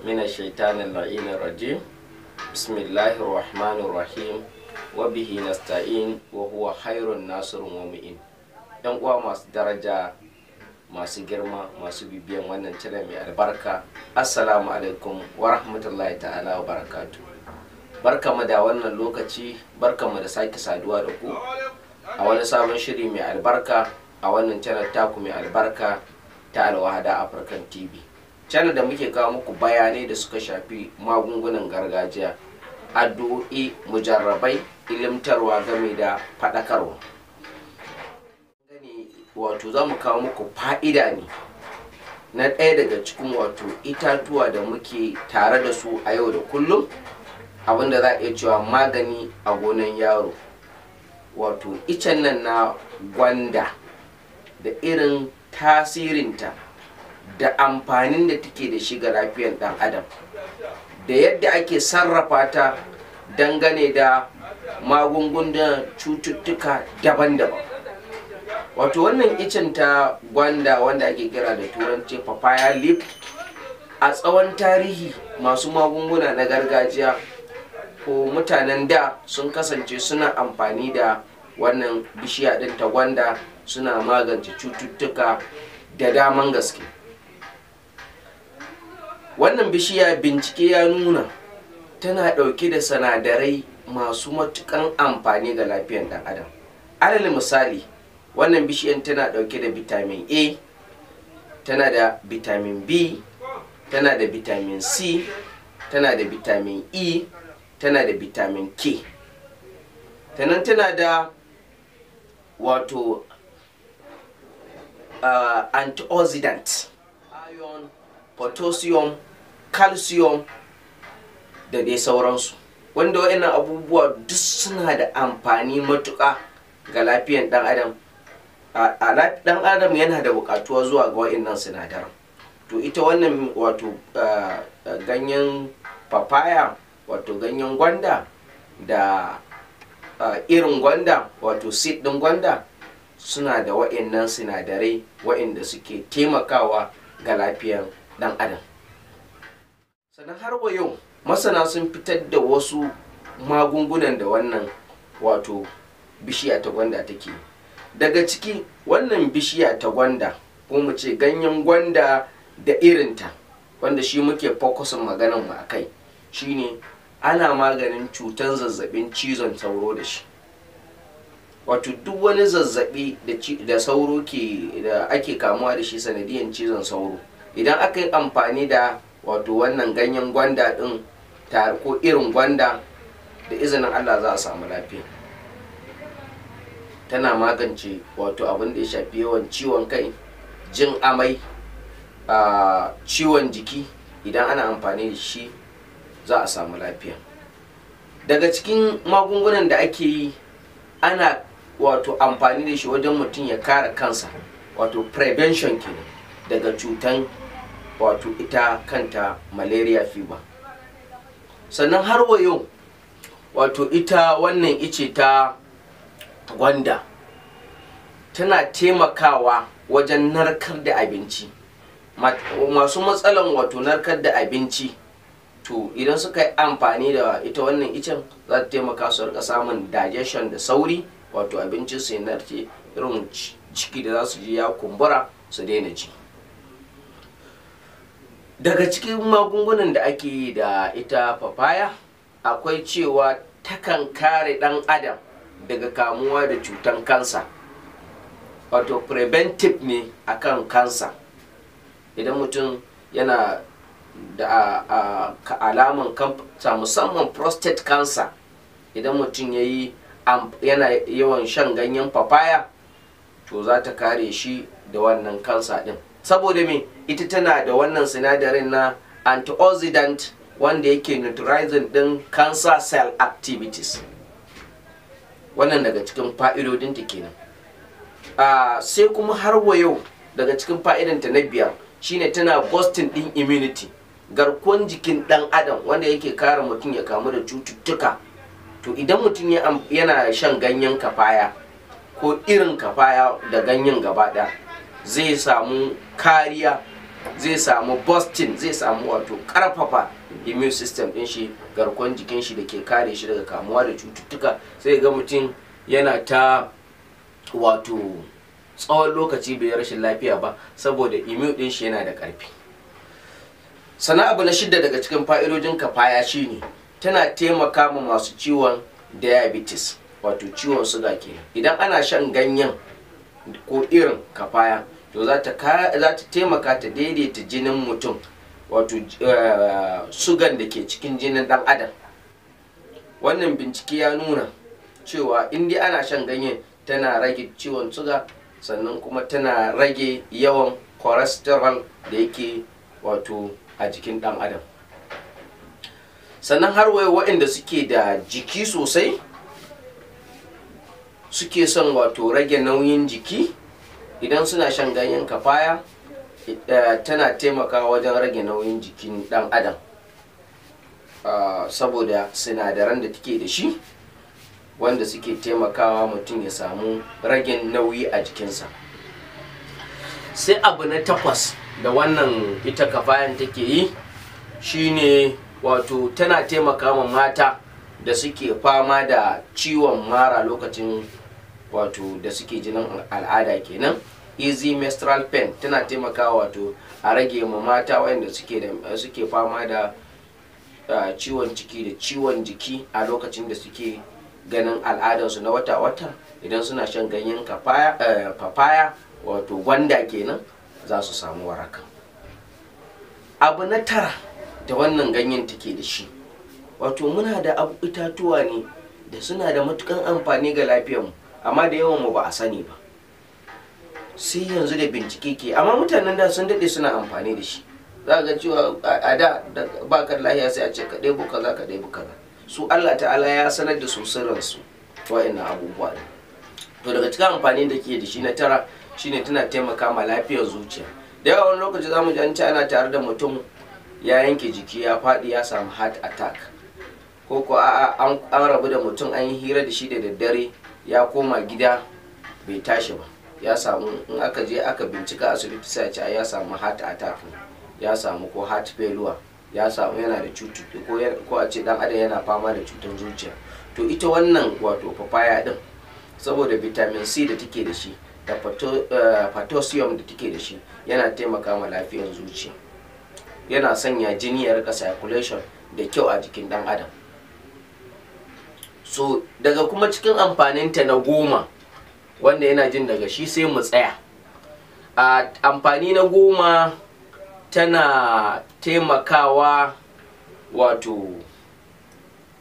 من الشيطان اللعين الرجيم بسم الله الرحمن الرحيم وبه نستعين وهو خير الناصر ومؤمن yan uwa masu daraja masu girma masu bibiyan wannan cire mai albarka assalamu alaikum wa rahmatullahi ta'ala wa barakatu barkamu da wannan lokaci barka mu da sake saduwa da ku a wani sabon shiri mai albarka a wannan channel taku mai albarka ta alwahada african tv channel da muke kawo muku bayanai da suka shafi magungunan gargajiya addu'o'i mujarrabai ilimtarwa game da faɗakarwa wato za mu kawo muku fa'ida ne na ɗaya daga cikin wato itatuwa da muke tare da su a yau da kullum abinda za a iya cewa magani a gonan yaro wato icen nan na gwanda da irin tasirinta da amfanin da take da shi ga lafiyar dan adam da yadda ake sarrafa ta dangane da magungunan cututtuka daban-daban wato wannan icin ta gwanda wanda ake kira da turanci papaya leaf a tsawon tarihi masu magunguna na gargajiya ko mutanen da sun kasance suna amfani da wannan bishiya ɗin ta gwanda suna magance cututtuka da daman gaske. wannan bishiya bincike ya nuna tana ɗauke da sanadarai masu matukan amfani ga lafiyar ɗan adam alal misali wannan bishiyan tana ɗauke da vitamin a tana da vitamin b tana da vitamin c tana da vitamin e tana da vitamin k tanan tana da wato uh, antioxidant iron potassium calcium da dai sauransu wanda wa'annan abubuwa duk suna da amfani matuƙa ga lafiyan ɗan adam a ɗan adam yana da buƙatuwa zuwa ga wa'annan sinadaran to ita wannan wato ganyen papaya wato ganyen gwanda da irin gwanda wato seed ɗin gwanda suna da wa'annan sinadarai wa'anda suke taimakawa ga lafiyar ɗan adam sannan har wa yau masana sun fitar da wasu magungunan da wannan wato bishiya ta gwanda take daga ciki wannan bishiya ta gwanda ko mu ce ganyen gwanda da irinta wanda shi muke fokusin maganan mu akai shine ana maganin cutar zazzabin cizon sauro da shi wato duk wani zazzabi da sauro ke da ake kamuwa da shi sanadiyan cizon sauro idan aka yi amfani da wato wannan ganyen gwanda din ko irin gwanda da izinin allah za a samu lafiya tana magance wato abin da ya shafi yawan ciwon kai jin amai a ciwon jiki idan ana amfani da shi za a samu lafiya daga cikin magungunan da ake yi ana wato amfani da shi wajen mutum ya kare kansa wato prevention kenan daga cutan wato ita kanta malaria fever sannan har wa yau wato ita wannan ice ta gwanda tana taimakawa wajen narkar da abinci masu matsalan wato narkar da abinci to idan suka yi amfani da ita wannan icen za ta taimaka su rika samun digestion da sauri wato abincin su narke irin ciki da za su ji ya kumbura su daina ci daga cikin magungunan da ake yi da ita papaya akwai cewa takan kare dan adam daga kamuwa da cutan kansa wato preventive ne akan kansa idan mutum yana da alaman kansa musamman prostate cancer idan mutum ya yi yana yawan shan ganyen papaya to za ta kare shi da wannan kansa din saboda me ita tana da wannan sinadarin na antioxidant wanda yake neutralizing din cancer cell activities wannan daga cikin fa'idodinta kenan ah, sai kuma har wa yau daga cikin fa'idanta na biyar shine tana boosting din immunity garkuwan jikin dan adam wanda yake kare mutum ya kamu da cututtuka to idan mutum yana shan ganyen kafaya ko irin kafaya da ganyen gaba ɗaya zai samu kariya zai samu boston zai samu wato karfafa immune system din shi garkon jikin shi da ke kare shi daga kamuwa da cututtuka sai ga mutum yana ta wato tsawon lokaci bai rashin lafiya ba saboda immune din shi yana da karfi sana abu na shidda daga cikin fa'idojin kafaya shine tana taimaka ma masu ciwon diabetes wato ciwon suga kenan idan ana shan ganyen ko irin kafaya to za ta taimaka ta daidaita jinin mutum wato eh, sugan da ke cikin jinin dan adam wannan bincike ya nuna cewa indi ana shan ganyen tana rage ciwon suga sannan kuma tana rage yawan cholesterol da yake wato a jikin dan adam sannan har wayo waɗanda suke da jiki sosai suke son wato rage nauyin jiki idan suna shan ganyen kafaya eh, tana taimakawa wajen rage nauyin jikin dan adam ah, saboda sinadaran da take da shi wanda suke taimakawa mutum ya samu rage nauyi a jikinsa sai abu na takwas da wannan ita kafayan take yi shine wato tana taimaka mata da suke fama da ciwon mara lokacin wato da suke jinin al'ada kenan easy menstrual pain tana taimakawa wato a rage ma mata wayanda suke da suke fama da ciwon ciki da ciwon jiki a lokacin da suke ganin al'adarsu na wata-wata idan suna shan ganyen eh, papaya wato gwanda kenan za su samu waraka abu na tara da wannan ganyen take da shi wato muna da itatuwa ne da suna da matukan amfani ga lafiyar mu. amma da yawan mu ba a sani ba sai yanzu da bincike ke amma mutanen da sun daɗe suna amfani da shi za ga cewa a da ba ka lahiya sai a ce ka buka kaza ka buka kaza su Allah ta'ala ya sanar da su sirransu wa'annan abubuwa da. to daga cikin amfani da ke da shi na tara shine tana taimaka ma lafiyar zuciya da yawa wani lokaci zamu ji an ce ana tare da mutum ya yanke jiki ya faɗi ya samu heart attack ko ko an rabu da mutum an yi hira da shi da daddare ya koma gida bai tashi ba ya samu in aka je aka bincika asibiti sai ce ya samu heart attack ya samu ko heart failure ya samu yana da cututtuka ko a ce dan adam yana fama da cutar zuciya to ita wannan wato papaya din saboda vitamin c da take da shi da eh, potassium da take da shi yana taimaka ma lafiyar zuciya yana sanya jini ya rika circulation da kyau a jikin dan adam so daga kuma cikin amfaninta na goma wanda yana jin daga shi sai mu tsaya a amfani na goma tana taimakawa wato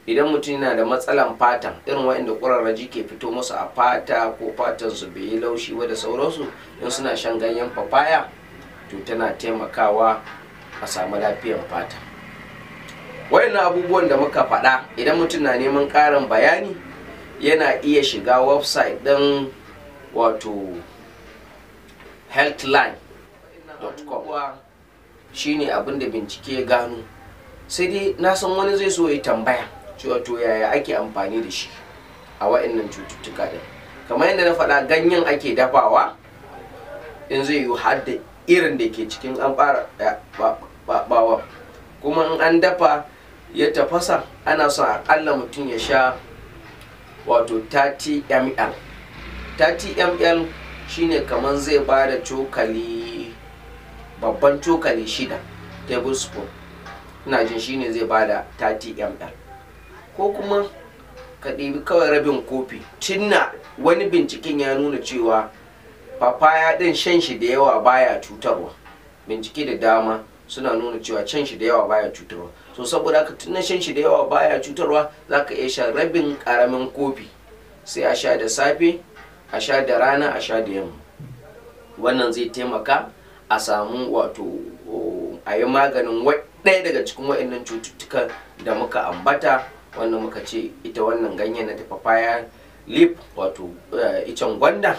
idan mutum yana da matsalan fata irin waɗanda ƙurarraji ke fito musu a fata ko fatan su bai laushi ba da sauransu in suna shan ganyen papaya to tana taimakawa a samu lafiyan fata wayannan abubuwan da muka faɗa idan mutum na neman ƙarin bayani yana iya shiga website ɗin wato healthline.com shine abin da bincike ya gano sai dai na san wani zai so ya tambaya cewa to yaya ake amfani da shi a wa'annan cututtuka ɗin kamar yadda na faɗa ganyen ake dafawa in zai yi har da irin da ke cikin an kuma in an dafa ya tafasa ana son akalla mutum ya sha wato 30 ml 30 ml shine kamar zai ba da cokali babban cokali shida tablespoon ina jin shine zai ba da 30 ml ko kuma ka ɗebi kawai rabin kofi tunna wani binciken ya nuna cewa papaya ɗin shan shi da yawa baya cutarwa bincike da dama suna nuna cewa can shi da yawa baya cutarwa so saboda haka tun shan shi da yawa baya cutarwa za ka iya shan rabin karamin kofi sai a sha da safe a sha da rana a sha da yamma wannan zai taimaka a samu wato a yi maganin ɗaya daga cikin waɗannan cututtukan da muka ambata wanda muka ce ita wannan ganyen na tafafaya lip wato eh, icen gwanda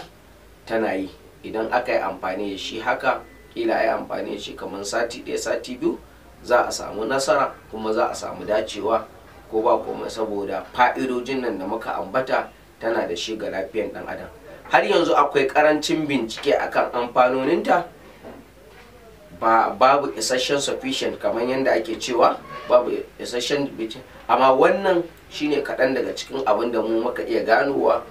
tana yi idan aka yi amfani da shi haka kila ai amfani ce kamar sati ɗaya sati biyu za a samu nasara kuma za a samu dacewa ko ba komai saboda fa'idojin nan da muka ambata tana da shi ga lafiyar ɗan adam har yanzu akwai karancin bincike akan amfanoninta ba babu isasshen sufficient kamar yadda ake cewa babu isasshen bincike amma wannan shine kaɗan daga cikin abin da mu muka iya ganowa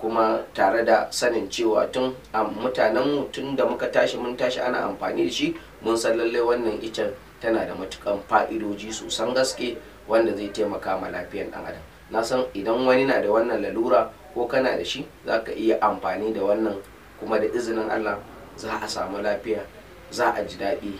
kuma tare da sanin cewa tun a mutanenmu tun da muka tashi mun tashi ana amfani da shi mun san lallai wannan icen tana da matukan fa'idoji sosan gaske wanda zai taimaka ma lafiyar dan adam na san idan wani na da wannan lalura ko kana da shi za ka iya amfani da wannan kuma da izinin allah za a samu lafiya za a ji daɗi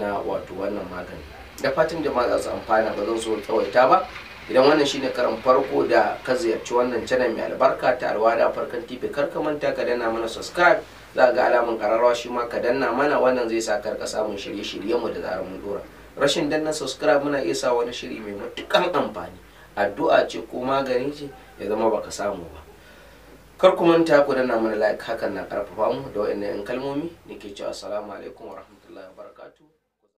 na wato wannan magani da fatan jama'a za su amfana ba zan so tsawaita ba idan wannan shine karan farko da ka ziyarci wannan channel mai albarka ta alwada farkon tipe kar ka manta ka danna mana subscribe za ga alamun kararrawa shi ma ka danna mana wannan zai sa karka samun shirye mu da zarar mun dora rashin danna subscribe muna iya sa wani shiri mai matukan amfani addu'a ce ko magani ce ya zama baka samu ba kar ku manta ku danna mana like hakan na karfafa mu da wayannan kalmomi nake cewa assalamu alaikum warahmatullahi wabarakatuh